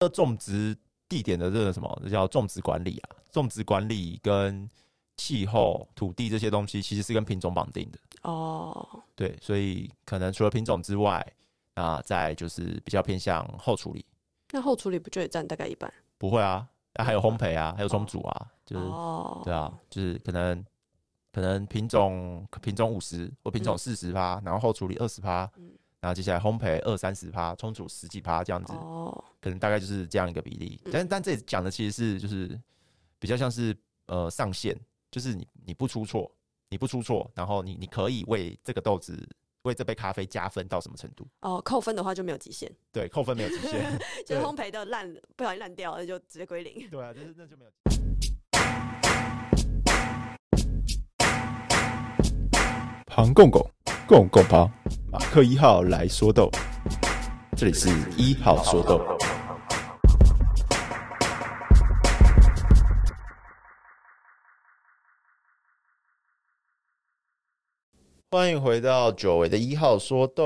這種植地點的這個什麼，這叫種植管理啊？種植管理跟氣候、土地這些東西，其實是跟品種綁定的。哦、oh.，對，所以可能除了品種之外，啊、呃，再就是比較偏向後處理。那後處理不就得占大概一半？不會啊，還有烘焙啊，還有沖煮啊，啊 oh. 就是，對啊，就是可能可能品種、oh. 品種五十或品種四十趴，然後後處理二十趴。嗯那接下來烘焙，二三十趴，沖煮十幾趴，這樣子、oh.，可能大概就是這樣一個比例。但但這講的其實是就是比較像是呃上限，就是你不出錯你不出錯，你不出錯，然後你你可以為這個豆子為這杯咖啡加分到什麼程度？哦，扣分的話就沒有極限。對，扣分沒有極限， 就是烘焙的爛不小心爛掉那就直接歸零。對啊，就是那就沒有。旁公公公公棒。共共馬克一號來說豆，這裡是一號說豆，歡迎回到久違的一號說豆。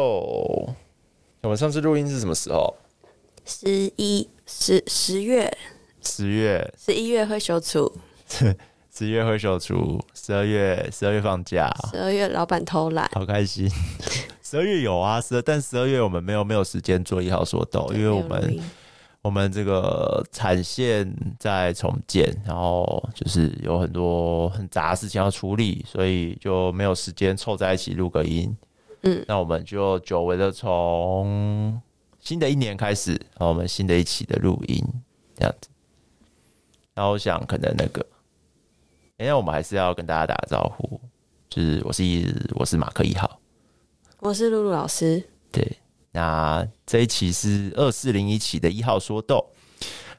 我們上次錄音是什麼時候？十一十十月，十月十一月會首出，十 十一月會首出，十二月十二月放假，十二月老板偷懶，好開心。 十二月有啊，十二，但十二月我們沒有沒有時間做一號說豆，因為我們我們這個產線在重建，然後就是有很多很雜的事情要處理，所以就沒有時間湊在一起錄個音。嗯，那我們就久違的從新的一年開始，然後我們新的一期的錄音這樣子。然後我想，可能那個，哎、欸，我們還是要跟大家打個招呼，就是我是一我是馬克一號。我是露露老師。對，那這一期是二四零一期的一號說豆。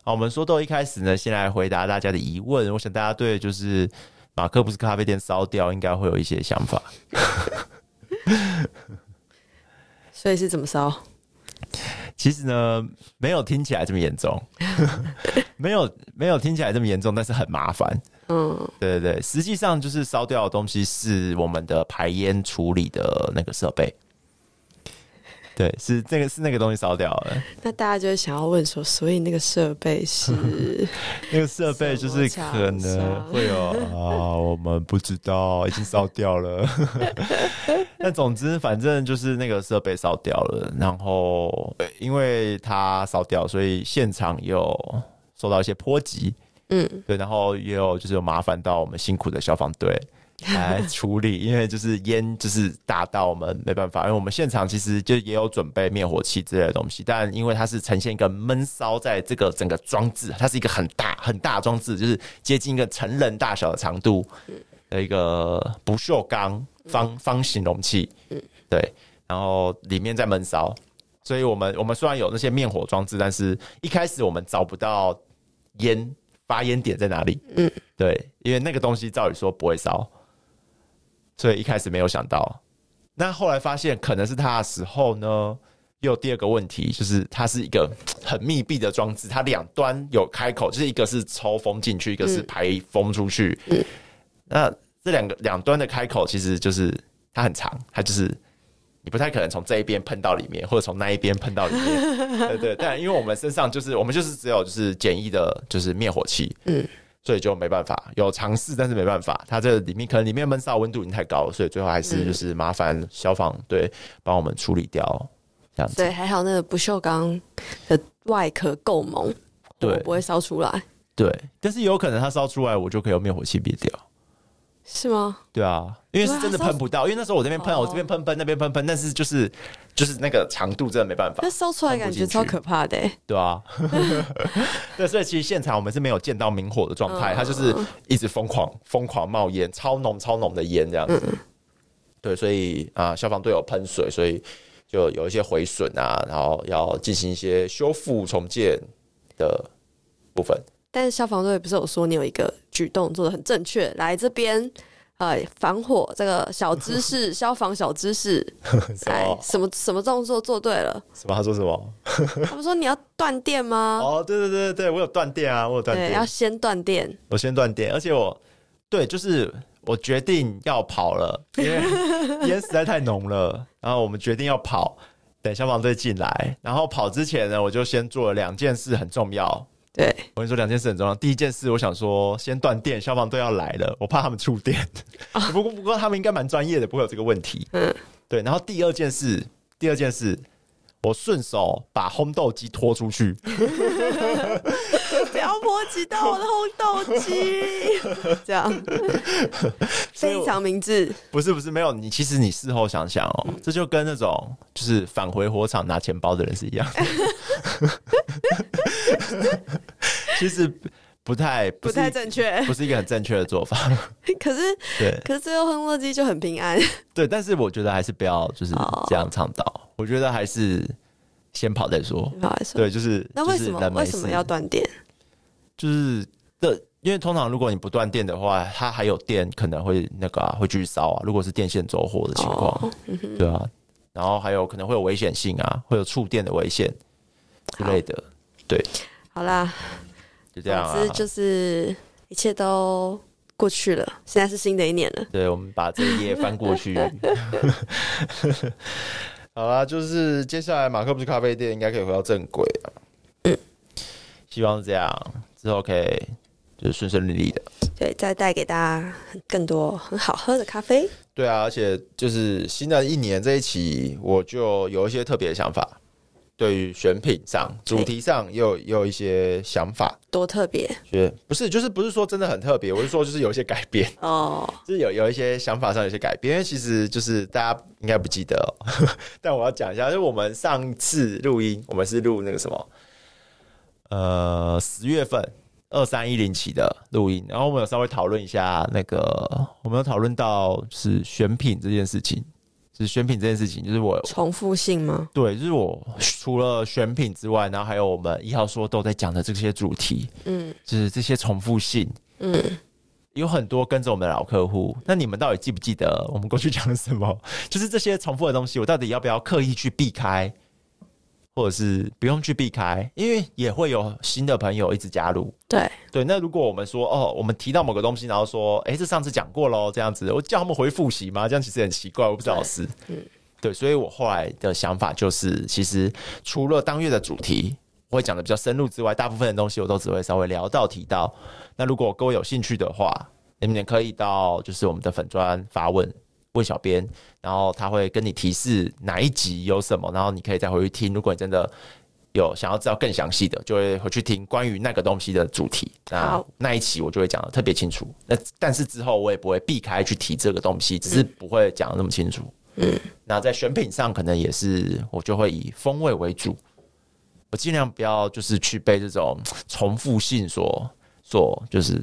好，我們說豆一開始呢，先來回答大家的疑問。我想大家對就是馬克思咖啡店燒掉，應該會有一些想法。 所以是怎麼燒？其實呢，沒有聽起來這麼嚴重， 沒有沒有聽起來這麼嚴重，但是很麻煩。嗯，對對對，實際上就是燒掉的東西是我們的排煙處理的那個設備。對，是那個是那個東西燒掉了。那大家就想要問說，所以那個設備是 那個設備就是可能會有 啊，我們不知道，已經燒掉了。那 總之反正就是那個設備燒掉了，然後因為它燒掉，所以現場有受到一些波及，嗯，對，然後也有就是有麻煩到我們辛苦的消防隊。 來處理，因為就是煙，就是大到我們沒辦法。因為我們現場其實就也有準備滅火器之類的東西，但因為它是呈現一個悶燒，在這個整個裝置，它是一個很大很大的裝置，就是接近一個成人大小的長度的一個不鏽鋼方方形容器，嗯。對。然後裡面在悶燒，所以我們我們雖然有那些滅火裝置，但是一開始我們找不到煙發煙點在哪裡。嗯，對，因為那個東西照理說不會燒。對，一開始沒有想到，那後來發現可能是他的時候呢，又有第二個問題，就是它是一個很密閉的裝置，它兩端有開口，就是一個是抽風進去，一個是排風出去。嗯，那這兩個兩端的開口，其實就是它很長，它就是你不太可能從這一邊碰到裡面，或者從那一邊碰到裡面。 對，對對，但因為我們身上就是我們就是只有就是簡易的，就是滅火器。嗯。所以就沒辦法，有嘗試，但是沒辦法，它這裡面可能裡面悶燒溫度已經太高了，所以最後還是就是麻煩消防隊幫我們處理掉這樣子。對，還好那個不鏽鋼的外殼夠猛，對，不會燒出來。對，但是有可能它燒出來，我就可以用滅火器滅掉。是嗎？對啊，因為是真的噴不到，因為那時候我這邊噴，我這邊噴噴，那邊噴噴，但是就是。就是那個長度真的沒辦法，那燒出來感覺超可怕的。欸，對啊。 對，所以其實現場我們是沒有見到明火的狀態，它、嗯、就是一直瘋狂瘋狂冒煙，超濃超濃的煙這樣子、嗯。對，所以啊，消防隊有噴水，所以就有一些毀損啊，然後要進行一些修復重建的部分。但是消防隊不是有說，你有一個舉動做得很正確？來這邊。哎、呃，防火這個小知識， 消防小知識，哎，什麼什麼，什麼動作做對了？什麼？他說什麼？ 他們說你要斷電嗎？哦，對對對對，我有斷電啊，我有斷電，要先斷電，我先斷電，而且我對，就是我決定要跑了，因為煙實在太濃了。 然後我們決定要跑，等消防隊進來。然後跑之前呢，我就先做了兩件事，很重要。對，我跟你說兩件事很重要。第一件事，我想說先斷電，消防隊要來了，我怕他們觸電。不過。Oh. 不過他們應該蠻專業的，不會有這個問題。嗯，對。然後第二件事，第二件事，我順手把烘豆機拖出去。 不要波及到我的烘豆機， 這樣非常明智。不是不是沒有你，其實你事後想想哦、喔嗯，這就跟那種就是返回火場拿錢包的人是一樣。 其實不太不,不太正確，不是一個很正確的做法。 可是對，可是最後烘豆機就很平安。對，但是我覺得還是不要就是這樣倡導。Oh. 我覺得還是先跑再說。再說對，就是那為什麼、就是、為什麼要斷電？就是因為通常如果你不斷電的話，它還有電，可能會那個、啊、會繼續燒啊。如果是電線走火的情況、哦嗯，對啊，然後還有可能會有危險性啊，會有觸電的危險之類的。對，好啦，就這樣、啊、是就是一切都過去了，現在是新的一年了。對，我們把這一頁翻過去。 好啦，就是接下來馬克不是咖啡店，應該可以回到正軌、啊、 希望是這樣。是 OK，就是順順利利的。對，再帶給大家更多很好喝的咖啡。對啊，而且就是新的一年這一期，我就有一些特別的想法，對於選品上、okay. 主題上也有，有也有一些想法。多特別、就是？不是，就是不是說真的很特別，我是說就是有一些改變哦， 就是有有一些想法上有一些改變。Oh. 因為其實就是大家應該不記得、喔， 但我要講一下，就是我們上次錄音，我們是錄那個什麼。呃，十月份二三一零期的錄音，然後我們有稍微討論一下那個，我們有討論到就是選品這件事情，就是選品這件事情，就是我重複性嗎？對，就是我除了選品之外，然後還有我們一號說豆在講的這些主題，嗯，就是這些重複性，嗯，有很多跟着我們的老客戶，那你們到底記不記得我們過去講了什麼？就是這些重複的東西，我到底要不要刻意去避開？或者是不用去避開，因為也會有新的朋友一直加入。對對，那如果我們說哦，我們提到某個東西，然後說，哎、欸，這上次講過嘍，這樣子，我叫他們回複習嗎？這樣其實很奇怪，我不知道對是對。所以我後來的想法就是，其實除了當月的主題我會講的比較深入之外，大部分的東西我都只會稍微聊到提到。那如果各位有興趣的話，你們可以到就是我們的粉專發問，問小編，然後他會跟你提示哪一集有什麼，然後你可以再回去聽。如果你真的有想要知道更詳細的，就會回去聽關於那個東西的主題，那那一期我就會講得特別清楚。那但是之後我也不會避開去提這個東西，只是不會講得那麼清楚。嗯，那在選品上可能也是，我就會以風味為主，我盡量不要就是去被這種重複性所所就是。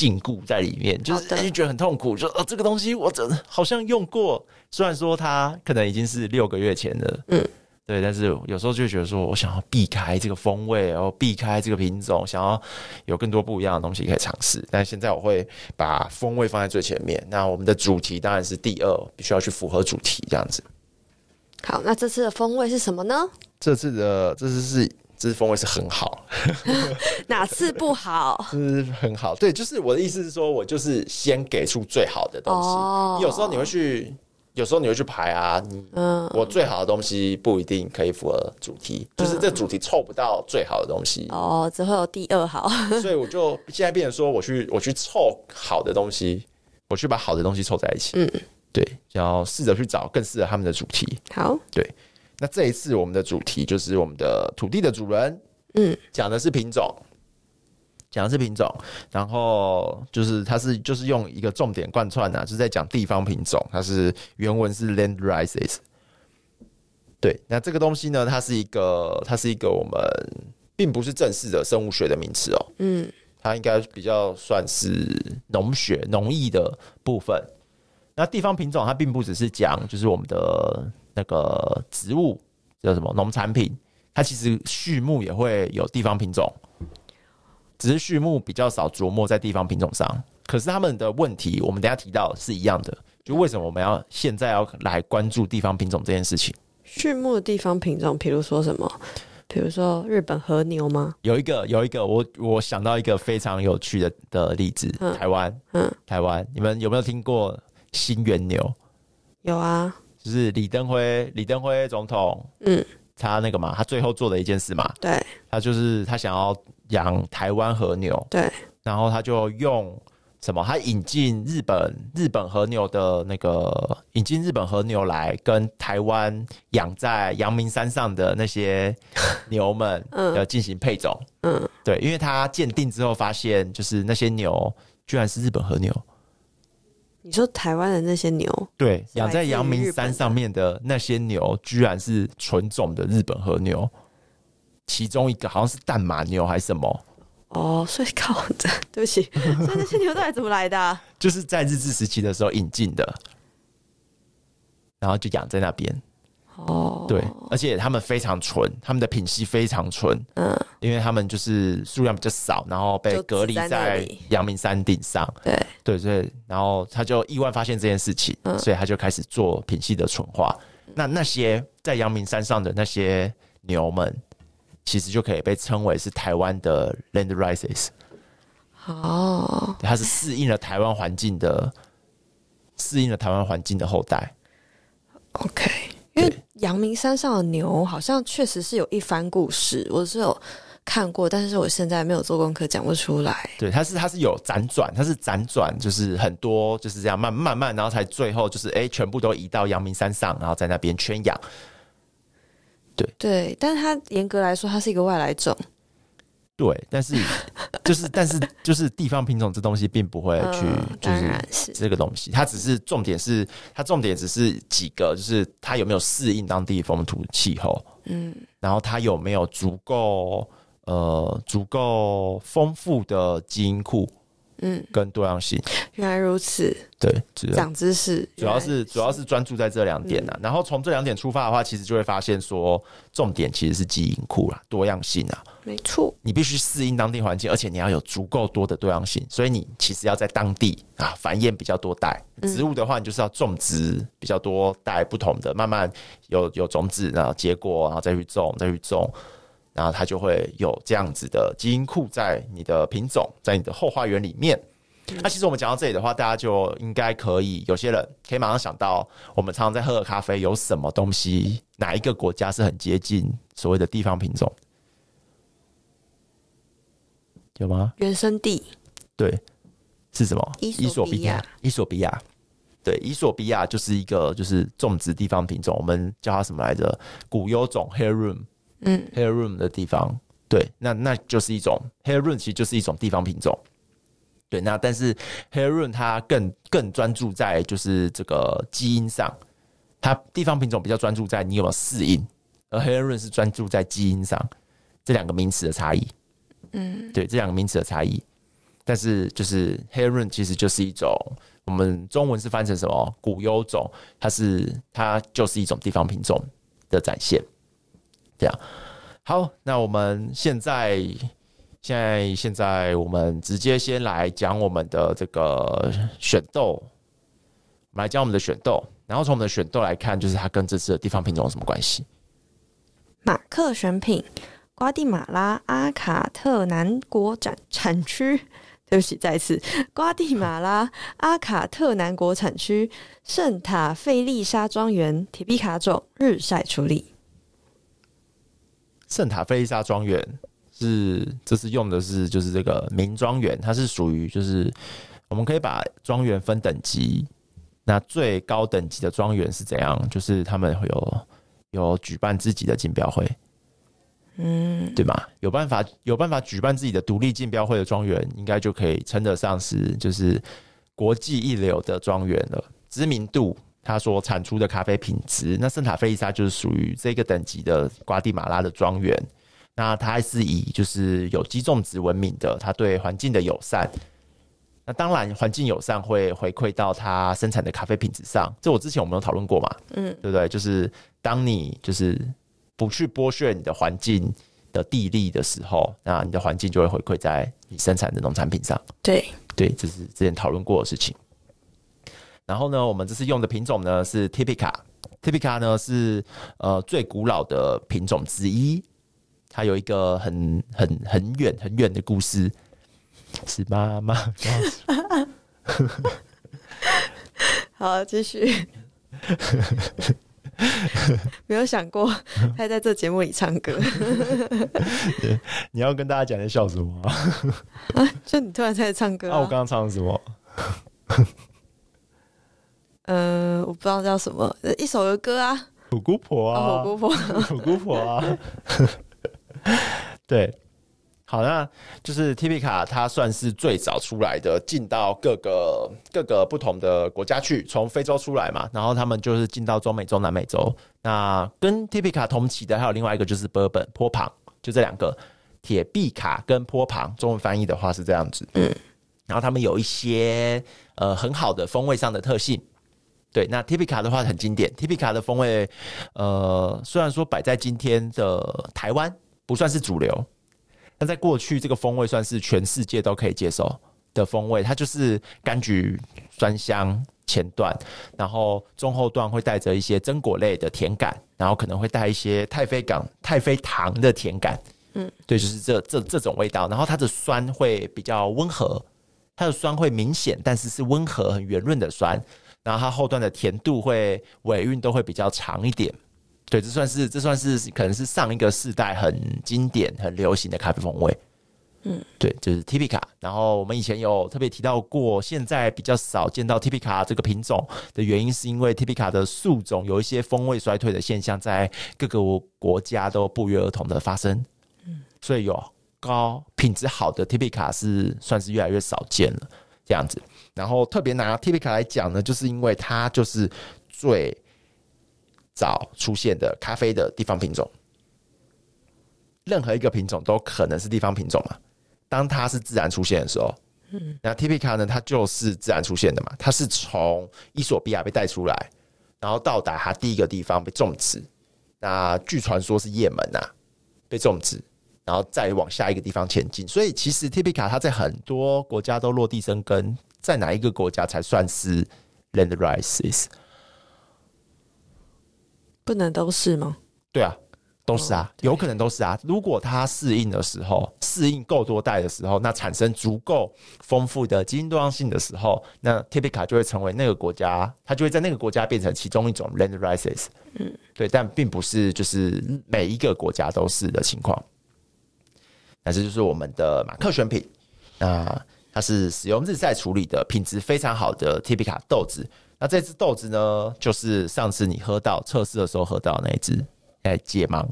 禁錮在裡面，就是就覺得很痛苦。就啊，這個東西我真的好像用過，雖然說它可能已經是六個月前了，嗯，對。但是有時候就覺得說，我想要避開這個風味，然後避開這個品種，想要有更多不一樣的東西可以嘗試。但現在我會把風味放在最前面。那我們的主題當然是第二，必須要去符合主題這樣子。好，那這次的風味是什麼呢？這次的這次是。這是風味是很好， 哪次不好？ 是很好，對，就是我的意思是說，我就是先給出最好的東西。哦，有時候你會去，有時候你會去排啊。你我最好的東西不一定可以符合主題，就是這主題湊不到最好的東西，哦，只會有第二好。所以我就現在變成說，我去，我去湊好的東西，我去把好的東西湊在一起。嗯，對，然後試着去找更適合他們的主題、嗯。好，對。那這一次我們的主題就是我們的土地的主人，嗯，講的是品種，講、嗯、的是品種，然後就是它是就是用一個重點貫穿吶，就是、在講地方品種，它是原文是 land rises，對，那這個東西呢，它是一個它是一個我們並不是正式的生物學的名詞哦，嗯，它應該比較算是農學、農藝的部分。那地方品種它並不只是講就是我們的。那個植物叫、就是、什麼？農產品，它其實畜牧也會有地方品種，只是畜牧比較少琢磨在地方品種上。可是他們的問題，我們等下提到是一樣的。就為什麼我們要現在要來關注地方品種這件事情？畜牧的地方品種，譬如說什麼？比如說日本和牛嗎？有一個，有一個，我我想到一個非常有趣的的例子，嗯、台灣，嗯，台灣，你們有沒有聽過新源牛？有啊。就是李登輝，李登輝總統，嗯，他那個嘛，他最後做的一件事嘛，對，他就是他想要養台灣和牛，對，然後他就用什麼，他引進日本日本和牛的那個，引進日本和牛來跟台灣養在陽明山上的那些牛們，嗯，要進行配種 嗯，嗯，對，因為他鑑定之後發現，就是那些牛居然是日本和牛。你說台灣的那些牛，對，養在陽明山上面的那些牛，居然是純種的日本和牛，其中一個好像是但馬牛還是什麼？哦，所以靠的，對不起，所以那些牛到底怎麼來的？啊？ 就是在日治時期的時候引進的，然後就養在那邊。哦、oh.，對，而且他們非常純，他們的品系非常純，嗯，因為他們就是數量比較少，然後被隔離在陽明山頂上，對，對對，所以然後他就意外發現這件事情，嗯、所以他就開始做品系的純化。那那些在陽明山上的那些牛們，其實就可以被稱為是台灣的 landraces。哦、oh.，它是適應了台灣環境的，適、okay. 應了台灣環境的後代。OK。因為陽明山上的牛好像確實是有一番故事，我是有看過，但是我現在沒有做功課，講不出來。對，它是它是有輾轉，它是輾轉，就是很多就是這樣慢慢慢，然後才最後就是誒、欸、全部都移到陽明山上，然後在那邊圈養。對對，但是它嚴格來說，它是一個外來種。對，但是就是， 但是就是地方品種這東西並不會去，就是這個東西，呃、它只是重點是它重點只是幾個，就是它有沒有適應當地風土氣候，嗯，然後它有沒有足夠呃足夠豐富的基因庫。嗯，跟多樣性，原來如此。對，知道，長知識，主要是主要是專注在這兩點，啊嗯、然後從這兩點出發的話，其實就會發現說，重點其實是基因庫啦，多樣性啊，沒錯。你必須適應當地環境，而且你要有足夠多的多樣性。所以你其實要在當地啊繁衍比較多代植物的話，你就是要種植比較多代不同的，嗯、慢慢有有種子，然後結果，然後再去種，再去種。然後它就會有這樣子的基因庫在你的品種，在你的後花園裡面。嗯。那其實我們講到這裡的話，大家就應該可以，有些人可以馬上想到，我們常常在喝的咖啡有什麼東西，哪一個國家是很接近所謂的地方品種？有嗎？原生地？對，是什麼？伊索比亞。伊索比亞。對，伊索比亞就是一個就是種植地方品種，我們叫它什麼來着？古優種 Heirloom 嗯 ，heirloom 的地方，對，那那就是一種 heirloom，其實就是一種地方品種。對，那但是 heirloom 它更更專注在就是這個基因上，它地方品種比較專注在你有沒有適應，而 heirloom 是專注在基因上，這兩個名詞的差異。嗯， 對，這兩個名詞的差異。但是就是 heirloom 其實就是一種，我們中文是翻成什麼古優種，它是它就是一種地方品種的展現。這樣好，那我們現在現在現在，現在我們直接先來講我們的這個選豆，我們來講我們的選豆，然後從我們的選豆來看，就是它跟這次的地方品種有什麼關係？馬克選品，瓜地馬拉阿卡特南果產區，對不起，再次，瓜地馬拉阿卡特南果產區聖塔費麗莎莊園鐵必卡種日曬處理。聖塔費麗莎莊園是，這次用的是就是這個名莊園，它是屬於就是我們可以把莊園分等級，那最高等級的莊園是怎樣？就是他們會有有舉辦自己的競標會，嗯，對吧？有辦法有辦法舉辦自己的獨立競標會的莊園，應該就可以稱得上是就是國際一流的莊園了，知名度。它所產出的咖啡品質，那聖塔費麗莎就是屬於這個等級的瓜地馬拉的莊園。那它還是以就是有機種植聞名的，它對環境的友善。那當然，環境友善會回饋到它生產的咖啡品質上。這我之前我們有討論過嘛？嗯，對不對？就是當你就是不去剝削你的環境的地力的時候，那你的環境就會回饋在你生產的農產品上。對，對，這是之前討論過的事情。然後呢，我們這次用的品種呢是 Typica，Typica 呢是呃最古老的品種之一，它有一個很很很遠很遠的故事，是媽媽。剛剛 好，繼繼續。 沒有想過他在這節目裡唱歌。 yeah, 你要跟大家講在笑什麼啊？ 啊，就你突然在唱歌、啊。那、啊、我剛剛唱什麼？ 呃，我不知道叫什麼，一首兒歌啊，土姑婆啊，土、哦、姑婆，土 姑婆啊， 對，好，那就是 T B 卡，它算是最早出來的，進到各個各個不同的國家去，從非洲出來嘛，然後他們就是進到中美洲、中南美洲。那跟 T B 卡同期的還有另外一個就是 b b r 伯 n 坡旁，就這兩個鐵壁卡跟坡旁，中文翻譯的話是這樣子，嗯，然後他們有一些呃很好的風味上的特性。對，那 Typica 的話很經典。Typica 的風味，呃，雖然說擺在今天的台灣不算是主流，那在過去這個風味算是全世界都可以接受的風味。它就是柑橘酸香前段，然後中後段會帶着一些榛果類的甜感，然後可能會帶一些太妃糖、太妃糖的甜感。嗯，對，就是這這這種味道。然後它的酸會比較溫和，它的酸會明顯，但是是溫和很圓潤的酸。然後它後段的甜度會尾韻都會比較長一點，對，這算是這算是可能是上一個世代很經典、很流行的咖啡風味，嗯，對，就是 Typica。然後我們以前有特別提到過，現在比較少見到 Typica 這個品種的原因，是因為 Typica 的樹種有一些風味衰退的現象，在各個國家都不約而同的發生，嗯，所以有高品質好的 Typica 是算是越來越少見了，這樣子。然後特別拿 Typica 來講呢，就是因為它就是最早出現的咖啡的地方品種。任何一個品種都可能是地方品種嘛，當它是自然出現的時候，嗯，那 Typica 呢，它就是自然出現的嘛。它是從伊索比亞被帶出來，然後到達它第一個地方被種植。那據傳說是也門啊被種植，然後再往下一個地方前進。所以其實 Typica 它在很多國家都落地生根。在哪一個國家才算是 landraces? 不能都是嗎？對啊，都是啊，哦、有可能都是啊。如果它適應的時候，適應夠多代的時候，那產生足夠豐富的基因多樣性的時候，那 Typica 就會成為那個國家，它就會在那個國家變成其中一種 landraces 嗯，對，但並不是就是每一個國家都是的情況。那這就是我們的馬克選品，那。它是使用日曬處理的，品質非常好的鐵必卡豆子。那這支豆子呢，就是上次你喝到測試的時候喝到的那一隻。哎，解盲。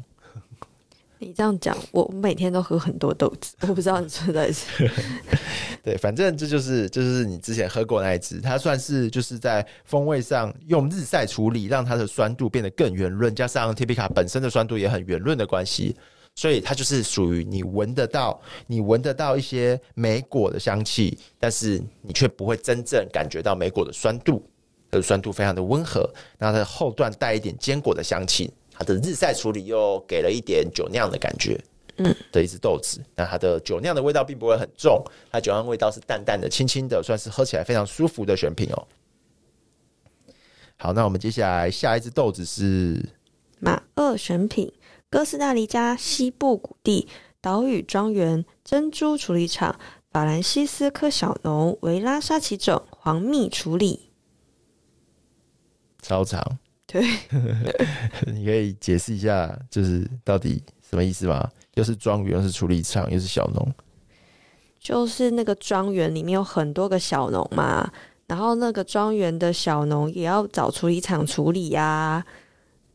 你這樣講，我每天都喝很多豆子， 我不知道你說的是在。 對，反正這就是，就是你之前喝過那一隻，它算是就是在風味上用日曬處理，讓它的酸度變得更圓潤，加上鐵必卡本身的酸度也很圓潤的關係。所以它就是屬於你聞得到，你聞得到一些莓果的香氣，但是你卻不會真正感覺到莓果的酸度，它的酸度非常的溫和。那它的後段帶一點堅果的香氣，它的日曬處理又給了一點酒釀的感覺。嗯，這一支豆子，那它的酒釀的味道並不會很重，它酒釀味道是淡淡的、輕輕的，算是喝起來非常舒服的選品哦。好，那我們接下來下一支豆子是馬二選品。哥斯大黎加西部谷地島嶼莊園珍珠處理廠法蘭西斯科小農薇拉沙奇種黃蜜處理，超長。對 你可以解釋一下，就是到底什麼意思嗎？又是莊園，又是處理廠，又是小農，就是那個莊園裡面有很多個小農嘛，然後那個莊園的小農也要找處理廠處理呀、啊，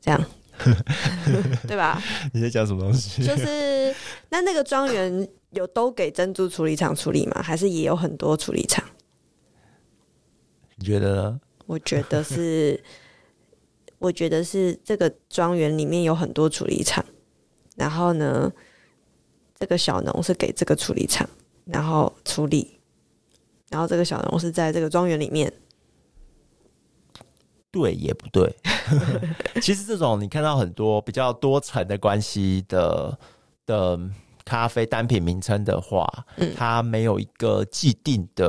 這樣。 對吧？你在講什麼東西？就是那那個莊園有都給珍珠處理廠處理嗎？還是也有很多處理廠？你覺得呢？我覺得是， 我覺得是這個莊園裡面有很多處理廠。然後呢，這個小農是給這個處理廠然後處理，然後這個小農是在這個莊園裡面。對也不對， 其實這種你看到很多比較多層的關係的的咖啡單品名稱的話，嗯，它沒有一個既定的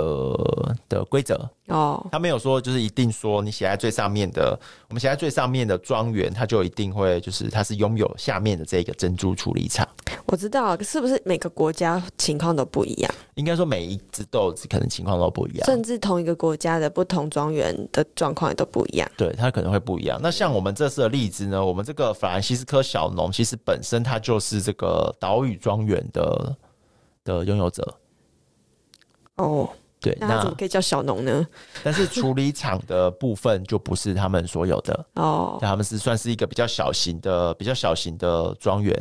的規則哦，它沒有說就是一定說你寫在最上面的，我們寫在最上面的莊園，它就一定會就是它是擁有下面的這個珍珠處理廠。我知道，是不是每個國家情況都不一樣？應該說，每一只豆子可能情況都不一樣，甚至同一個國家的不同莊園的狀況也都不一樣。對，它可能會不一樣。那像我們這次的例子呢？我們這個法蘭西斯科小農，其實本身它就是這個島嶼莊園的的擁有者。哦、oh，對，那怎麼可以叫小農呢？ 但是處理廠的部分就不是他們所有的哦，oh. 但他們是算是一個比較小型的、比較小型的莊園。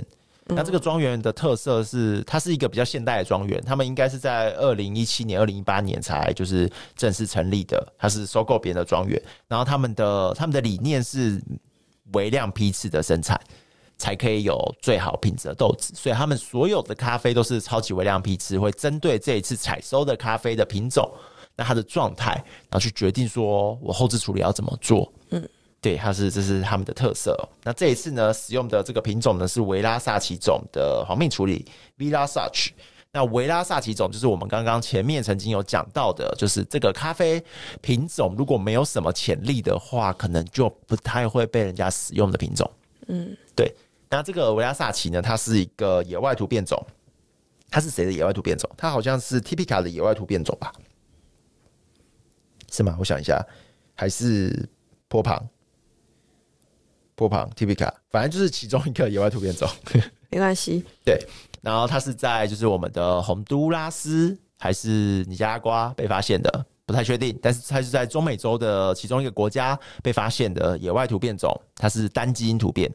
那這個莊園的特色是，它是一個比較現代的莊園，他們應該是在二零一七年、二零一八年才就是正式成立的。它是收購別人的莊園，然後他們的他們的理念是微量批次的生產，才可以有最好品質的豆子。所以他們所有的咖啡都是超級微量批次，會針對這一次採收的咖啡的品種，那它的狀態，然後去決定說我後製處理要怎麼做。嗯。對，它是這是他們的特色喔。那這一次呢，使用的這個品種呢是維拉薩奇種的黃蜜處理，維拉薩奇。那維拉薩奇種就是我們剛剛前面曾經有講到的，就是這個咖啡品種，如果沒有什麼潛力的話，可能就不太會被人家使用的品種。嗯，對。那這個維拉薩奇呢，它是一個野外突變種。它是誰的野外突變種？它好像是 Typica 的野外突變種吧？是嗎？我想一下，還是波旁。波旁 Typica，反正就是其中一個野外突變種，沒關係。對，然後它是在就是我們的洪都拉斯還是尼加拉瓜被發現的，不太確定，但是它是在中美洲的其中一個國家被發現的野外突變種，它是單基因突變。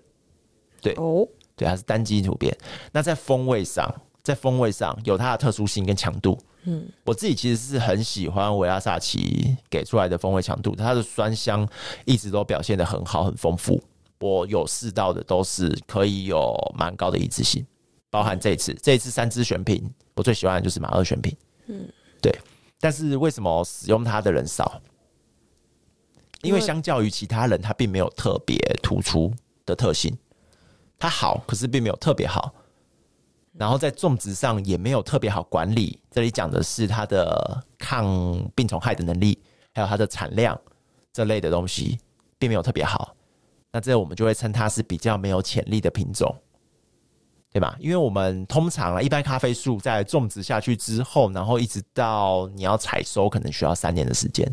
對哦，對，它是單基因突變。那在風味上，在風味上有它的特殊性跟強度。嗯，我自己其實是很喜歡維拉薩奇給出來的風味強度，它的酸香一直都表現得很好，很豐富。我有試到的都是可以有蠻高的一致性，包含這一次，這一次三支選品，我最喜歡的就是馬二選品，嗯，對。但是為什麼使用它的人少？因為相較於其他人，它並沒有特別突出的特性。它好，可是並沒有特別好。然後在種植上也沒有特別好管理。這裡講的是它的抗病蟲害的能力，還有它的產量這類的東西，並沒有特別好。那這我們就會稱它是比較沒有潛力的品種，對吧？因為我們通常啊，一般咖啡樹在種植下去之後，然後一直到你要採收，可能需要三年的時間。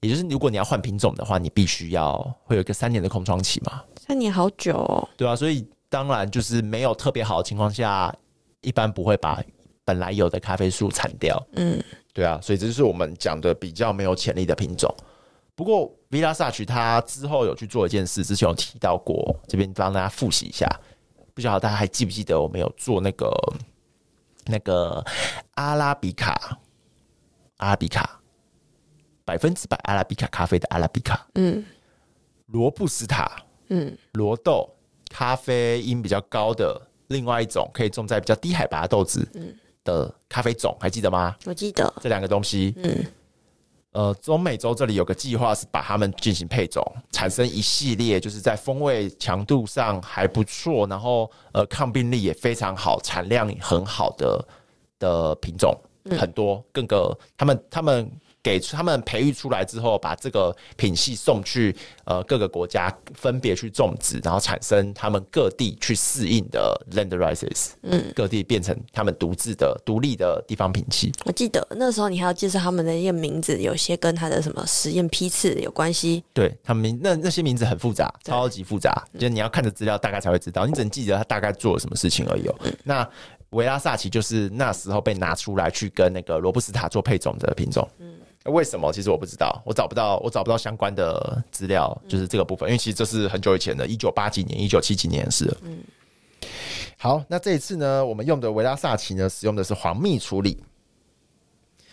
也就是如果你要換品種的話，你必須要會有一個三年的空窗期嘛？三年好久哦。對啊，所以當然就是沒有特別好的情況下，一般不會把本來有的咖啡樹鏟掉。嗯，對啊，所以這是我們講的比較沒有潛力的品種。不過。Villa Sarchi 他之後有去做一件事，之前有提到過，這邊幫大家複習一下，不曉得大家還記不記得我們有做那個那個阿拉比卡，阿拉比卡百分之百阿拉比卡咖啡的阿拉比卡，嗯，羅布斯塔，嗯，羅豆咖啡因比較高的另外一種可以種在比較低海拔的豆子的咖啡種，還記得嗎？我記得這兩個東西，嗯。呃，中美洲這裡有個計劃是把它們進行配種，產生一系列就是在風味強度上還不錯，然後呃抗病力也非常好，產量很好的的品種、嗯、很多，各個他們他們。他們給出他們培育出來之後，把這個品系送去呃各個國家分別去種植，然後產生他們各地去適應的 land races 嗯，各地變成他們獨自的獨立的地方品系。我記得那時候你還要介紹他們的一些名字，有些跟他的什麼實驗批次有關係。對，他們那那些名字很複雜，超，超級複雜，就是、你要看的資料大概才會知道、嗯，你只能記得他大概做了什麼事情而已。嗯、那維拉薩奇就是那時候被拿出來去跟那個羅布斯塔做配種的品種。嗯。為什麼？其實我不知道，我找不到，我找不到相關的資料，就是這個部分、嗯，因為其實這是很久以前的，一九八幾年、一九七幾年的事、嗯。好，那這一次呢，我們用的薇拉沙奇呢，使用的是黃蜜處理。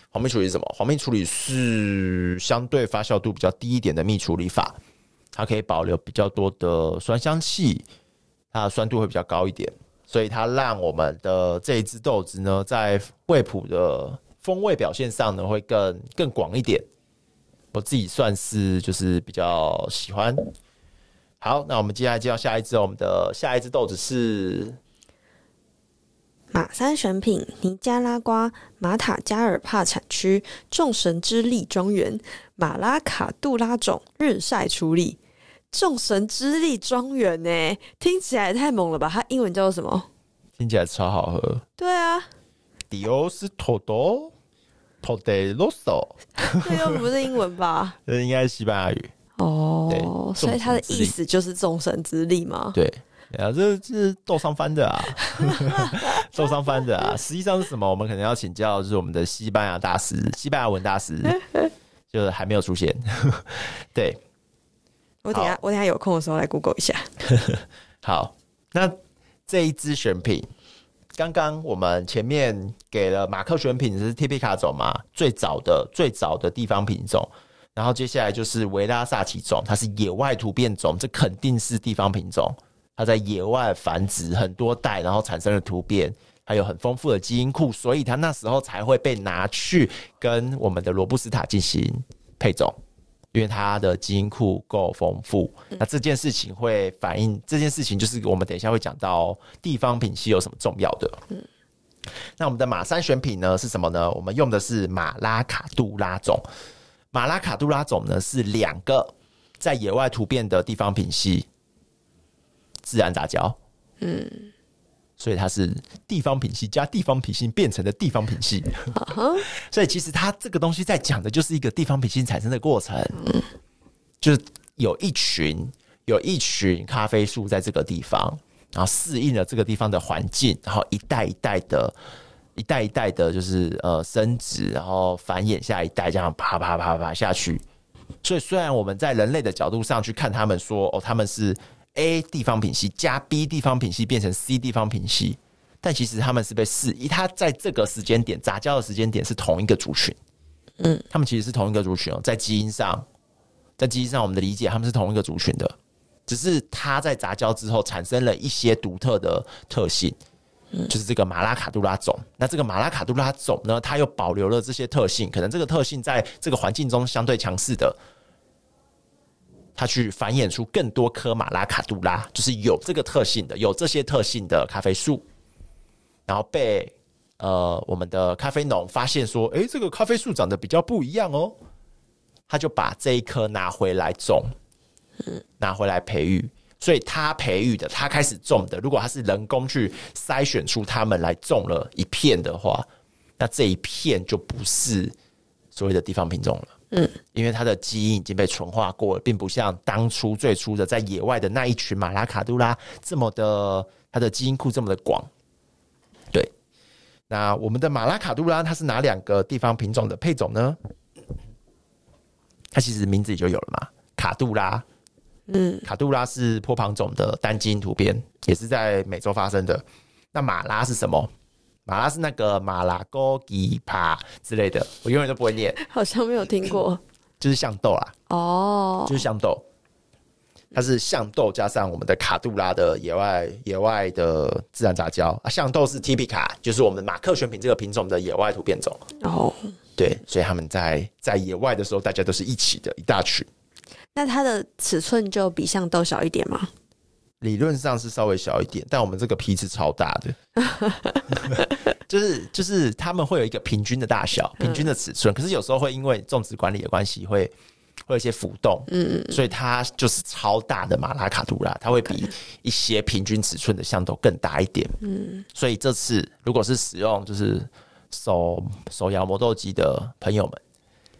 黃蜜處理是什麼？黃蜜處理是相對發酵度比較低一點的蜜處理法，它可以保留比較多的酸香氣，它的酸度會比較高一點，所以它讓我們的這一支豆子呢，在惠普的。風味表現上呢，會更更廣一點。我自己算是就是比較喜歡。好，那我們接下來就要介紹下一隻，我們的下一只豆子是馬三選品，尼加拉瓜馬塔加爾帕產區眾神之力莊園馬拉卡杜拉種日曬處理。眾神之力莊園呢，聽起來太猛了吧？它英文叫做什麼？聽起來超好喝。對啊，Dios Todo。好的，Poderoso，這個不是英文吧？這 應該是西班牙語哦、oh。所以它的意思就是眾神之力嘛。對啊，這是豆商翻的啊，豆 商 翻的啊。 實際上是什麼？我們可能要請教，就是我們的西班牙大師、西班牙文大師， 就是還沒有出現。 對，我等一下，我等一下有空的時候來 Google 一下。 好，那這一支選品。剛剛我們前面給了馬克選品，是鐵必卡種嘛，最早的最早的地方品種。然後接下來就是薇拉沙奇種，它是野外突變種，這肯定是地方品種。它在野外繁殖很多代，然後產生了突變，還有很豐富的基因庫，所以它那時候才會被拿去跟我們的羅布斯塔進行配種。因為它的基因庫夠豐富，嗯，那這件事情會反映這件事情，就是我們等一下會講到地方品系有什麼重要的。嗯、那我們的馬三選品呢是什麼呢？我們用的是馬拉卡杜拉種，馬拉卡杜拉種呢是兩個在野外突變的地方品系自然雜交。嗯。所以它是地方品系加地方品系變成的地方品系， 所以其實它這個東西在講的就是一個地方品系產生的過程，嗯、就是有一群有一群咖啡樹在這個地方，然後適應了這個地方的環境，然後一代一代的，一代一代的，就是呃，生殖然後繁衍下一代，這樣啪啪啪啪啪下去。所以雖然我們在人類的角度上去看他們說哦，他們是。A 地方品系加 B 地方品系變成 C 地方品系，但其實他們是被四一，它在這個時間點雜交的時間點是同一個族群，嗯，他們其實是同一個族群哦、喔，在基因上，在基因上我們的理解他們是同一個族群的，只是它在雜交之後產生了一些獨特的特性，就是這個馬拉卡杜拉種。那這個馬拉卡杜拉種呢，它又保留了這些特性，可能這個特性在這個環境中相對強勢的。他去繁衍出更多顆馬拉卡杜拉，就是有這個特性的、有這些特性的咖啡樹，然後被呃我們的咖啡農發現說：“誒、欸，這個咖啡樹長得比較不一樣哦。”他就把這一顆拿回來種，拿回來培育。所以他培育的，他開始種的。如果他是人工去篩選出他們來種了一片的話，那這一片就不是所謂的地方品種了。嗯，因為它的基因已經被純化過了，並不像當初最初的在野外的那一群馬拉卡杜拉這麼的，它的基因庫這麼的廣。對，那我們的馬拉卡杜拉它是哪兩個地方品種的配種呢？它其實名字也就有了嘛，卡杜拉。嗯，卡杜拉是波旁種的單基因突變，也是在美洲發生的。那馬拉是什麼？馬拉是那個馬拉高吉帕之類的，我永遠都不會念。 好像沒有聽過。 就是象豆啦。哦、oh.。就是象豆，它是象豆加上我們的卡杜拉的野外野外的自然雜交啊。象豆是鐵必卡，就是我們馬克選品這個品種的野外突變種。哦、oh.。對，所以他們在在野外的時候，大家都是一起的一大群。那它的尺寸就比象豆小一點嗎？理論上是稍微小一點，但我們這個批次超大的， 就是就是他們會有一個平均的大小，平均的尺寸，嗯、可是有時候會因為種植管理的關係，會會有一些浮動，嗯，所以它就是超大的馬拉卡杜拉，它會比一些平均尺寸的象豆更大一點，嗯，所以這次如果是使用就是手手搖磨豆機的朋友們，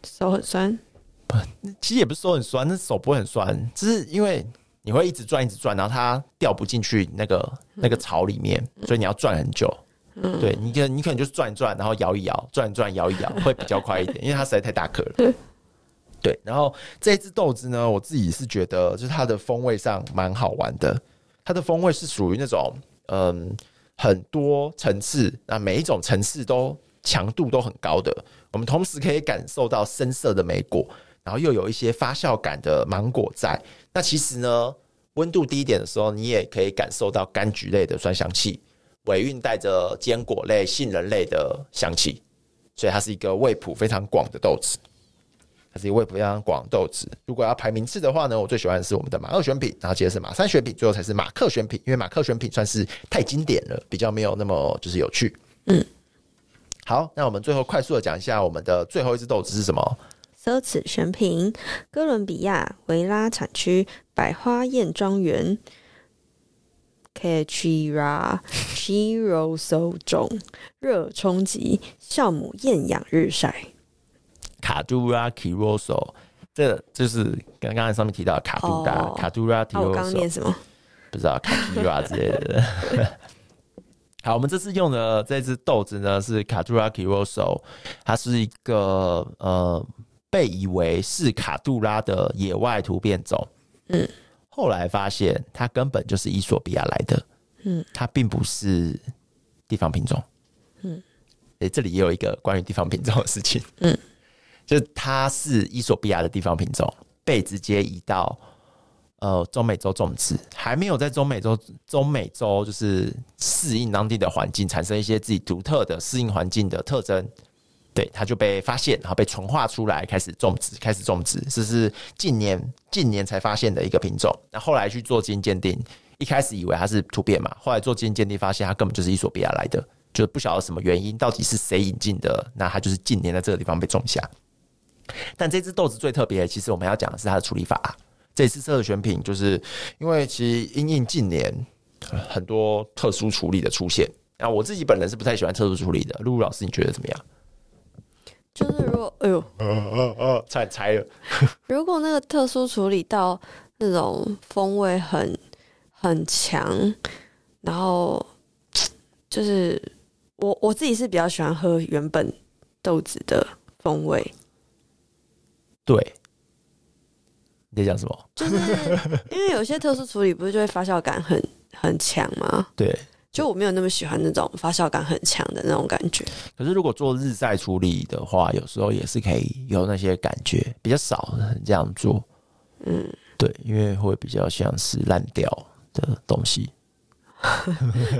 手很酸，其實也不是說很酸，那手不會很酸，只，就是因為。你會一直轉，一直轉，然後它掉不進去那個那個槽裡面，所以你要轉很久。嗯、對，你可能你可能就轉一轉，然後搖一搖，轉一轉搖一搖會比較快一點， 因為它實在太大顆了。對，然後這只豆子呢，我自己是覺得就是它的風味上蠻好玩的，它的風味是屬於那種嗯很多層次，那每一種層次都強度都很高的。我們同時可以感受到深色的莓果，然後又有一些發酵感的芒果在。那其實呢，溫度低一點的時候，你也可以感受到柑橘類的酸香氣，尾韻帶着堅果類、杏仁類的香氣，所以它是一個味譜非常廣的豆子。它是一個味譜非常廣豆子。如果要排名次的話呢，我最喜歡的是我們的馬二選品，然後接着是馬三選品，最後才是馬克選品。因為馬克選品算是太經典了，比較沒有那麼就是有趣。嗯，好，那我們最後快速的講一下我們的最後一支豆子是什麼？奢侈選品，哥倫比亞薇拉產區百花艷莊園，Caturra Chiroso 種熱衝擊， ロ酵母厭氧日曬卡杜拉 Chiroso 這就是剛剛在上面提到的卡杜拉、哦，卡杜拉、啊，我剛剛念什麼？不知道卡杜拉之類的。 好，我們這次用的這支豆子呢是卡杜拉 Chiroso 它是一個呃。被以為是卡杜拉的野外突變種，嗯，後來發現它根本就是伊索比亞來的，嗯，它並不是地方品種，嗯，欸、這裡也有一個關於地方品種的事情，嗯，就是它是伊索比亞的地方品種，被直接移到呃中美洲種植，還沒有在中美洲中美洲就是適應當地的環境，產生一些自己獨特的適應環境的特徵。對，它就被發現，然後被純化出來，開始種植，開始種植，這是近年近年才發現的一個品種。那後來去做基因鑑定，一開始以為它是突變嘛，後來做基因鑑定發現它根本就是伊索比亞來的，就不曉得什麼原因，到底是誰引進的。那它就是近年在這個地方被種下。但這只豆子最特別，其實我們要講的是它的處理法。這次這次選品，就是因為其實因應近年很多特殊處理的出現。那我自己本人是不太喜歡特殊處理的，露露老師你覺得怎麼樣？就是如果哎呦，哦哦哦，踩踩了。如果那個特殊處理到那種風味很很強，然後就是我我自己是比較喜歡喝原本豆子的風味。對，你在講什麼？就是因為有些特殊處理，不是就會發酵感很很強嗎？對。就我沒有那麼喜歡那種發酵感很強的那種感覺。可是，如果做日曬處理的話，有時候也是可以有那些感覺，比較少這樣做。嗯，對，因為會比較像是爛掉的東西，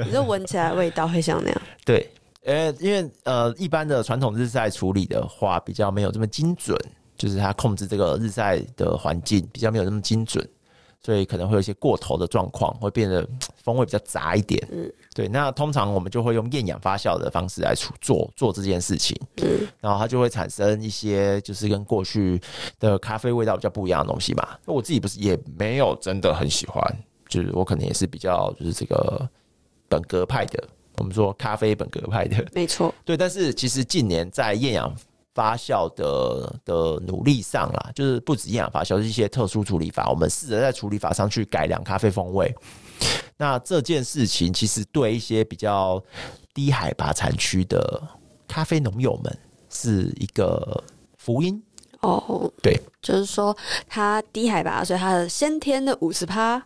你就聞起來味道會像那樣。 對，呃、欸，因為呃，一般的傳統日曬處理的話，比較沒有這麼精準，就是它控制這個日曬的環境比較沒有那麼精準，所以可能會有一些過頭的狀況，會變得。風味比較雜一點，嗯，對，那通常我們就會用厭氧發酵的方式來處做做這件事情，然後它就會產生一些就是跟過去的咖啡味道比較不一樣的東西嘛。那我自己不是也沒有真的很喜歡，就是我可能也是比較就是這個本格派的，我們說咖啡本格派的，沒錯，對。但是其實近年在厭氧發酵的的努力上啦，就是不止厭氧發酵，是一些特殊處理法，我們試着在處理法上去改良咖啡風味。那這件事情其實對一些比較低海拔產區的咖啡農友們是一個福音哦，oh，對，就是說它低海拔，所以它的先天的五十趴。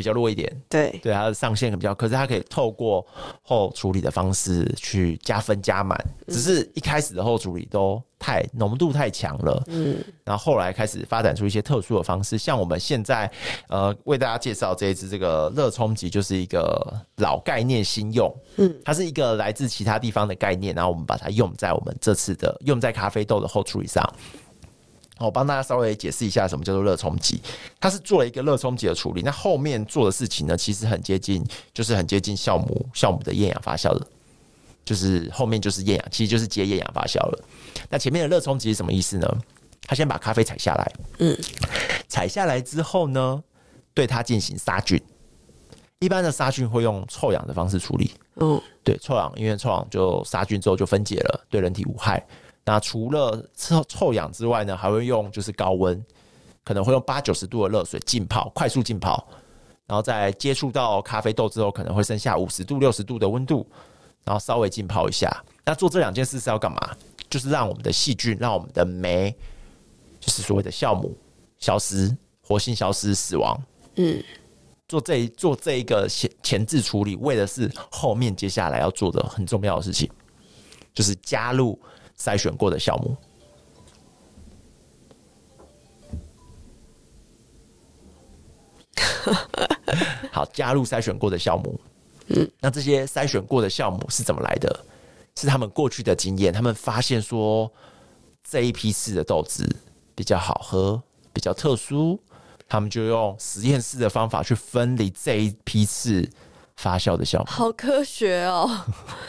比較弱一點，對對，它的上限很比較，可是它可以透過後處理的方式去加分加滿，嗯，只是一開始的後處理都太濃度太強了，嗯，然後後來開始發展出一些特殊的方式，像我們現在呃為大家介紹這一支這個熱衝擊，就是一個老概念新用，嗯，它是一個來自其他地方的概念，然後我們把它用在我們這次的用在咖啡豆的後處理上。我幫大家稍微解釋一下，什麼叫做熱衝擊？它是做了一個熱衝擊的處理。那後面做的事情呢，其實很接近，就是很接近酵母酵母的厭氧發酵了。就是後面就是厭氧，其實就是接厭氧發酵了。那前面的熱衝擊是什麼意思呢？他先把咖啡採下來，嗯，採下來之後呢，對它進行殺菌。一般的殺菌會用臭氧的方式處理。嗯，對，臭氧，因為臭氧就殺菌之後就分解了，對人體無害。那除了臭臭氧之外呢，還會用就是高溫，可能會用八九十度的熱水浸泡，快速浸泡，然後在接觸到咖啡豆之後，可能會剩下五十度六十度的溫度，然後稍微浸泡一下。那做這兩件事是要幹嘛？就是讓我們的細菌，讓我們的酶，就是所謂的酵母消失、活性消失、死亡。嗯，做這做這一個前前置處理，為的是後面接下來要做的很重要的事情，就是加入。篩選過的酵母，好加入篩選過的酵母。嗯。那這些篩選過的酵母是怎麼來的？是他們過去的經驗，他們發現說這一批次的豆子比較好喝，比較特殊，他們就用實驗室的方法去分離這一批次。發酵的效果好科學哦，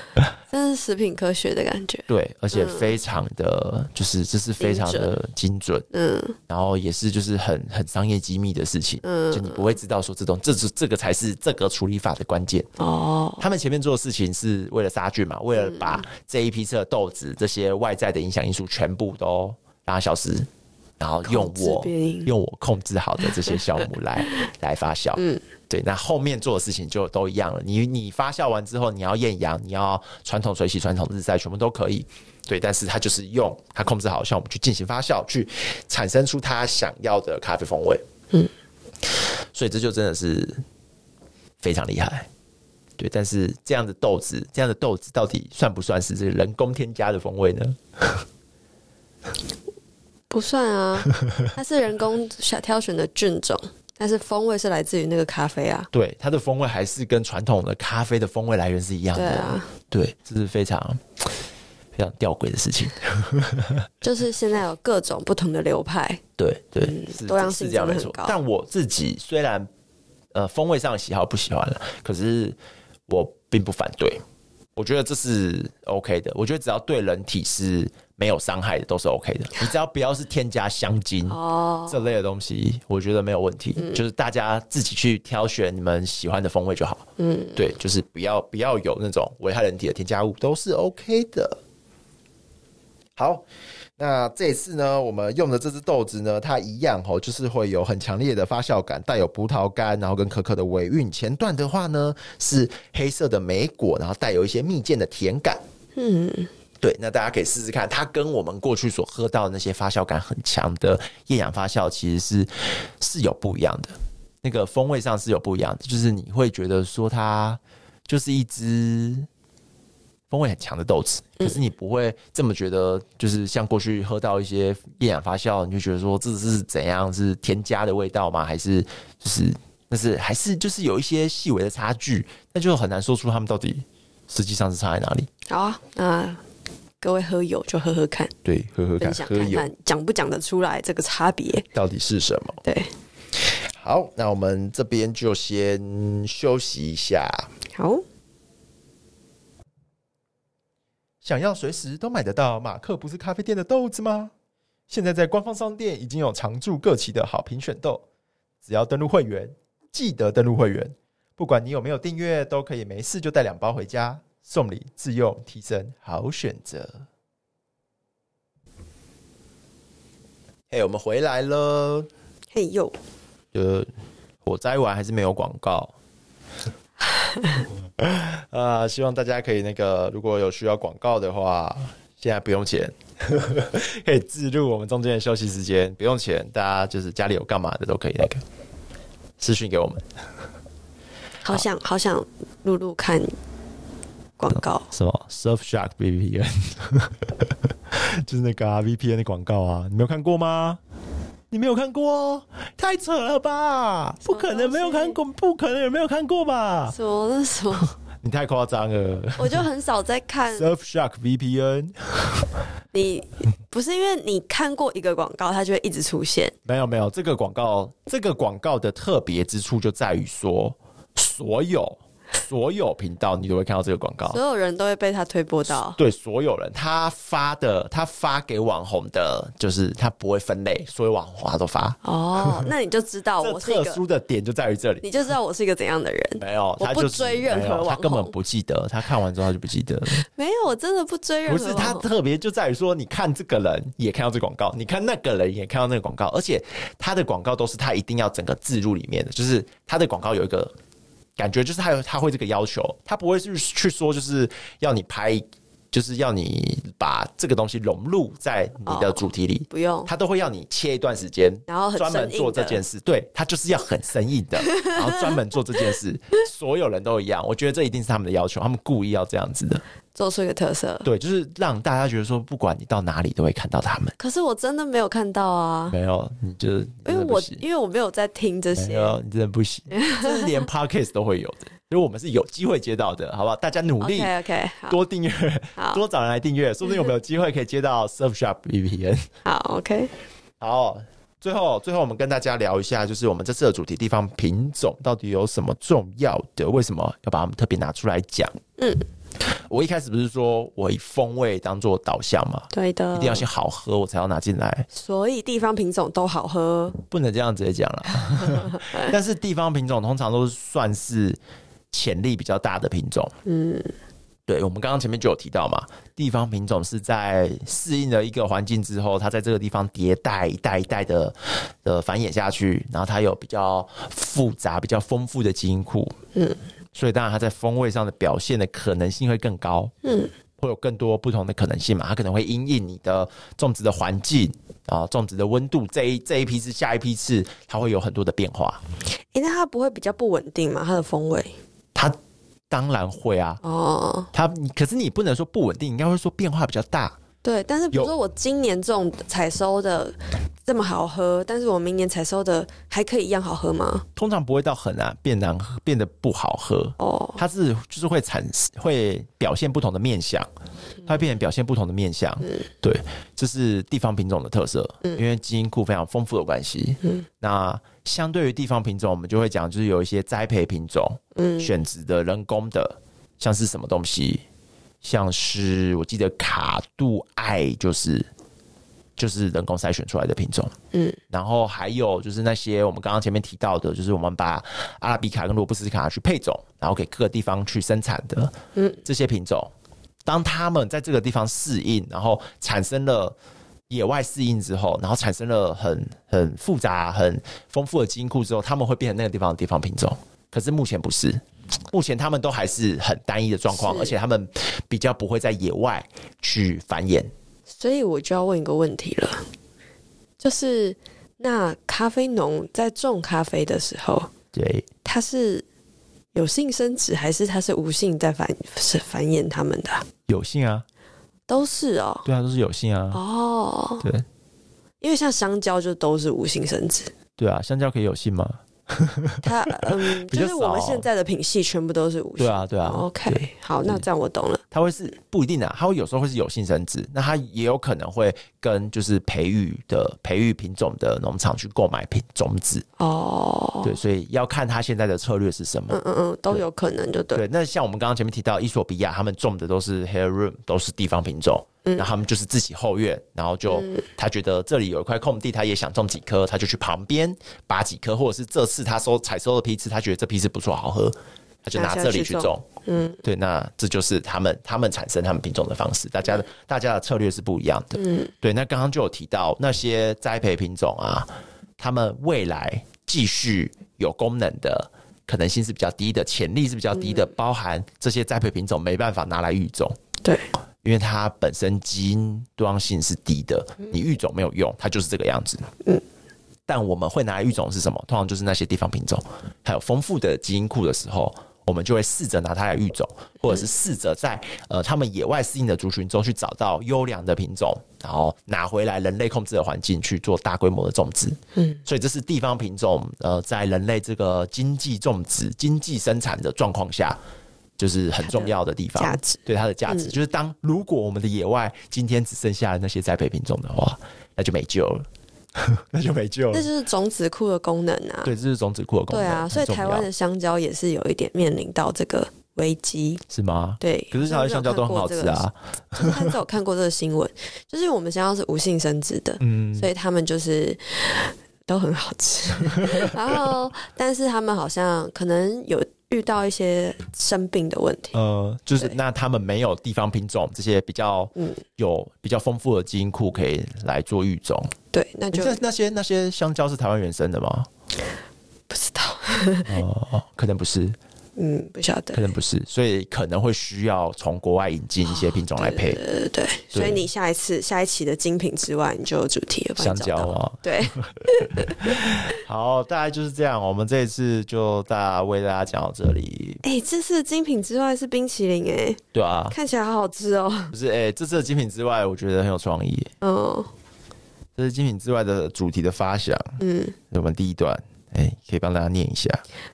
真是食品科學的感覺。 對，而且非常的，嗯、就是這、就是非常的精準，精準，嗯，然後也是就是很很商業機密的事情，嗯，就你不會知道說這種這是這個才是這個處理法的關鍵哦、嗯。他們前面做的事情是為了殺菌嘛，為了把這一批次的豆子這些外在的影響因素全部都打消時然後用我用我控制好的這些酵母來 來發酵，嗯，對，那後面做的事情就都一樣了。你你發酵完之後，你要厭氧，你要傳統水洗、傳統日曬，全部都可以。對，但是它就是用它控制好的酵母去進行發酵，去產生出它想要的咖啡風味。嗯，所以這就真的是非常厲害。對，但是這樣的豆子，這樣的豆子到底算不算是這人工添加的風味呢？ 不算啊，它是人工挑選的菌種，但是風味是來自於那個咖啡啊。對，它的風味還是跟傳統的咖啡的風味來源是一樣的。對啊，對，這是非常非常弔詭的事情。就是現在有各種不同的流派，對對，嗯、是多樣性很高。但我自己雖然呃風味上的喜好不喜歡了，可是我並不反對，我覺得這是 OK 的。我覺得只要對人體是。沒有傷害的都是 OK 的，你只要不要是添加香精 哦，這類的東西，我覺得沒有問題，嗯。就是大家自己去挑選你們喜歡的風味就好。嗯，對，就是不要不要有那種危害人體的添加物，都是 OK 的。好，那這次呢，我們用的這支豆子呢，它一樣吼，就是會有很強烈的發酵感，帶有葡萄乾，然後跟可可的尾韻。前段的話呢，是黑色的莓果，然後帶有一些蜜餞的甜感。嗯。對，那大家可以試試看，它跟我們過去所喝到的那些發酵感很強的厭氧發酵，其實是是有不一樣的。那個風味上是有不一樣的，就是你會覺得說它就是一支風味很強的豆子，可是你不會這麼覺得，就是像過去喝到一些厭氧發酵，你就覺得說這是怎樣？是添加的味道嗎？還是就是但是還是就是有一些細微的差距，那就很難說出他們到底實際上是差在哪裡。好啊，嗯。各位喝友就喝喝看，對，喝喝看，看看喝友講不講得出來這個差別到底是什麼？對，好，那我們這邊就先休息一下。好，想要隨時都買得到馬克不是咖啡店的豆子嗎？現在在官方商店已經有常駐各期的好評選豆，只要登入會員，記得登入會員，不管你有沒有訂閱都可以，沒事就帶兩包回家。送禮、自用、提升，好選擇。嘿、hey,，我們回來了。嘿、hey, 呦，呃，我再完還是沒有廣告、 呃。希望大家可以那個，如果有需要廣告的話， 現在不用錢，可以置入我們中間的休息時間，不用錢，大家就是家裡有幹嘛的都可以那個私訊、okay. 給我們。好想好，好想錄錄看。廣告什麼？Surfshark VPN， 就是那個、啊、VPN 的廣告啊！你沒有看過嗎？你沒有看過，太扯了吧？不可能沒有看過，不可能也沒有看過吧？什麼什麼？ 你太誇張了！我就很少在看 Surfshark VPN。 你不是因為你看過一個廣告，它就會一直出現？ 沒有沒有，這個廣告，這個廣告的特別之處就在於說，所有。 所有頻道你都會看到這個廣告，所有人都會被他推播到。對所有人，他發的，他發給網紅的，就是他不會分類，所有網紅他都發。哦，那你就知道我是 特殊的點就在於這裡，你就知道我是一個怎樣的人。 沒有，他就不追任何網紅，他根本不記得，他看完之後他就不記得了。 沒有，我真的不追任何。不是，他特別就在於說，你看這個人也看到這廣告，你看那個人也看到那個廣告，而且他的廣告都是他一定要整個置入裡面的，就是他的廣告有一個。感覺就是他有他會這個要求，他不會是去說就是要你拍。就是要你把這個東西融入在你的主題裡，哦、不用，他都會要你切一段時間，然後專門做這件事。對，他就是要很生硬的， 然後專門做這件事。所有人都一樣，我覺得這一定是他們的要求，他們故意要這樣子的，做出一個特色。對，就是讓大家覺得說，不管你到哪裡都會看到他們。可是我真的沒有看到啊，沒有，你就是因為我因為我沒有在聽這些，沒有，你真的不行，這是連 Podcast 都會有的。如果我們是有機會接到的，好不好？大家努力多訂閱，okay, okay, 多找人來訂閱，說不定我們有機會可以接到 Surfshark VPN。好，OK，好，最後最後，我們跟大家聊一下，就是我們這次的主題，地方品種到底有什麼重要的？為什麼要把它們特別拿出來講？嗯，我一開始不是說我以風味當做導向嘛，對的，一定要先好喝，我才要拿進來。所以地方品種都好喝，不能這樣直接講了。 但是地方品種通常都是算是。潛力比較大的品種，嗯，對，我們剛剛前面就有提到嘛，地方品種是在適應了一個環境之後，它在這個地方迭代，一代一代的、的繁衍下去，然後它有比較複雜、比較豐富的基因庫，嗯，所以當然它在風味上的表現的可能性會更高，嗯，會有更多不同的可能性嘛，它可能會因應你的種植的環境啊，種植的溫度，這一這一批次下一批次，它會有很多的變化，因、欸、為它不會比較不穩定嘛，它的風味。它當然會啊，哦，它可是你不能說不穩定，應該會說變化比較大。對，但是比如說我今年這種採收的這麼好喝，但是我明年採收的還可以一樣好喝嗎？通常不會到很難變難變得不好喝哦，它是就是會產會表現不同的面向，它會變成表現不同的面向，嗯，對，這，就是地方品種的特色，嗯，因為基因庫非常豐富的關係，嗯，那。相對於地方品種，我們就會講，就是有一些栽培品種，嗯，選擇的、人工的，像是什麼東西，像是我記得卡杜艾，就是就是人工篩選出來的品種，嗯，然後還有就是那些我們剛剛前面提到的，就是我們把阿拉比卡跟羅布斯卡去配種，然後給各個地方去生產的，嗯，這些品種，當他們在這個地方適應，然後產生了。野外適應之後，然後產生了很很複雜、很豐富的基因庫之後，他們會變成那個地方的地方品種。可是目前不是，目前他們都還是很單一的狀況，而且他們比較不會在野外去繁衍，所以我就要問一個問題了，就是那咖啡農在種咖啡的時候，對，他是有性生殖還是他是無性在繁是繁衍他們的？有性啊。都是哦、喔，對啊，都是有性啊。哦，對，因為像香蕉就都是無性生殖。對啊，香蕉可以有性嗎？ 他，嗯，就是我們現在的品系，全部都是無性。對啊對啊。Oh, OK，好，那這樣我懂了。嗯、他會是不一定啊，他會有時候會是有性生殖，那他也有可能會跟就是培育的培育品種的農場去購買品種子哦。Oh. 對，所以要看他現在的策略是什麼？嗯嗯嗯，都有可能就對。對，對那像我們剛剛前面提到，伊索比亞他們種的都是 heirloom，都是地方品種。嗯、然後他們就是自己後院，然後就他覺得這裡有一塊空地，他也想種幾棵、嗯，他就去旁邊拔幾棵，或者是這次他收採收的批次，他覺得這批次不錯，好喝，他就拿這裡去種。去種嗯，對，那這就是他們他們產生他們品種的方式，大家的、嗯、大家的策略是不一樣的。嗯，對，那剛剛就有提到那些栽培品種啊，他們未來繼續有功能的可能性是比較低的，潛力是比較低的，嗯、包含這些栽培品種沒辦法拿來育種、嗯。對。因為它本身基因多樣性是低的，你育種沒有用，它就是這個樣子。嗯，但我們會拿來育種是什麼？通常就是那些地方品種，還有豐富的基因庫的時候，我們就會試着拿它來育種，或者是試着在呃他們野外適應的族群中去找到優良的品種，然後拿回來人類控制的環境去做大規模的種植。嗯，所以這是地方品種呃在人類這個經濟種植、經濟生產的狀況下，就是很重要的地方，價值對它的價值，的值、嗯，就是當如果我們的野外今天只剩下那些栽培品種的話，那就沒救了， 那就沒救了。這就是種子庫的功能啊！對，這是種子庫的功能。對啊，所以台灣的香蕉也是有一點面臨到這個危機，是嗎？對，可是台灣香蕉都很好吃啊！我有看過這個新聞， 就是我們香蕉是無性生殖的，嗯，所以他們就是都很好吃。 然後，但是他們好像可能有。遇到一些生病的問題，呃，就是那他們沒有地方品種這些比較嗯有比較豐富的基因庫可以來做育種，嗯、對，那就、欸、那些那些香蕉是台灣原生的嗎？不知道， 哦、呃，可能不是。嗯，不曉得，可能不是，所以可能會需要從國外引進一些品種來配。哦、對對、對、對，所以你下一次下一期的精品之外，你就有主題香蕉哦。對。 好，大概就是這樣，我們這一次就大家為大家講到這裡。哎、欸，這次的精品之外是冰淇淋哎、欸。對啊。看起來好好吃哦。不是哎、欸，這次的精品之外，我覺得很有創意。哦。這是精品之外的主題的發想。嗯。我們第一段，哎、欸，可以幫大家念一下。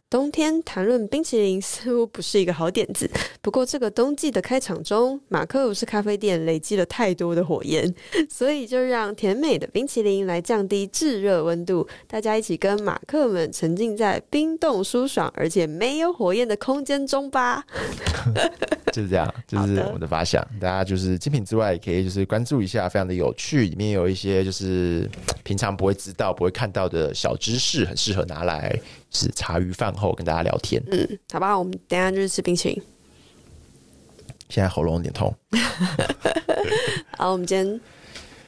冬天談論冰淇淋似乎不是一個好點子。不過這個冬季的開場中，馬克不是咖啡店累積了太多的火焰，所以就讓甜美的冰淇淋來降低炙熱溫度。大家一起跟馬克們沉浸在冰凍舒爽而且沒有火焰的空間中吧。 就是這樣，就是我們的發想的。大家就是精品之外，也可以就是關注一下，非常的有趣，裡面有一些就是平常不會知道、不會看到的小知識，很適合拿來。只茶餘飯後跟大家聊天。嗯，好吧，我們等下就是吃冰淇淋。現在喉嚨有點痛。 好，我們今天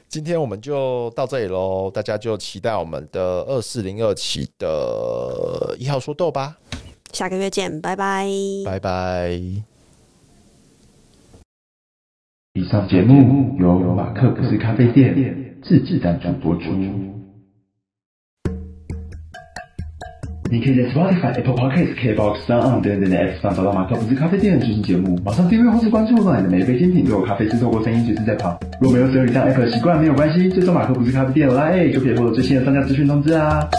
今天我們就到這裡嘍，大家就期待我們的二四零二期的一號說豆吧。下個月見，拜拜。拜拜。以上節目由馬克不是咖啡店自制的轉播出。你可以在 Spotify、Apple p o d c a s t KBox、s 等等的 App 上找到馬克不是咖啡店的最新節目。馬上訂閱或是關注我，讓你的每一杯新品都有咖啡制作過聲音準時在旁。如果沒有使用以上 App 習慣沒有關係，就搜馬克不是咖啡店的拉 A 就可以獲得最新的商家諮詢通知啦、啊。